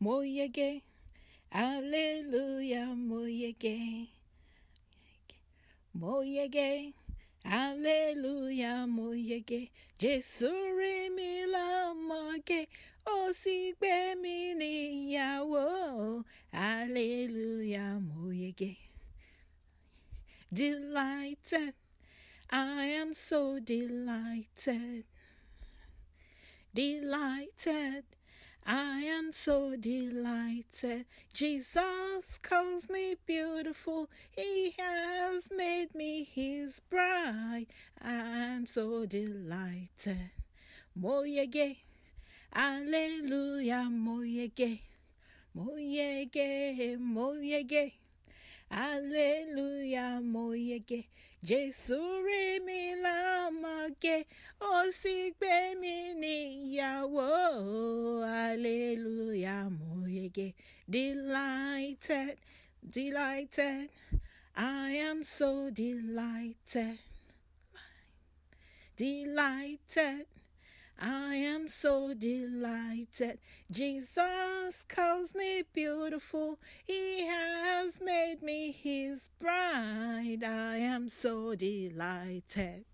moyege, alleluia, Muy gay. alleluia, moyege, Jésù re mi lọ́mọge, ó sì gbé mi níyàwó, alleluia, moyege. Delighted, I am so delighted, delighted. I am so delighted. Jesus calls me beautiful. He has made me his bride. I am so delighted. gay. Alleluia. gay. Moyege. gay. Alleluia. mo gay. Jésù rẹ̀ mi lámọ̀gẹ́, ó sì gbé mi get delighted, delighted. I am so delighted, delighted. I am so delighted. Jesus calls me beautiful. He has made me his bride. I am so delighted.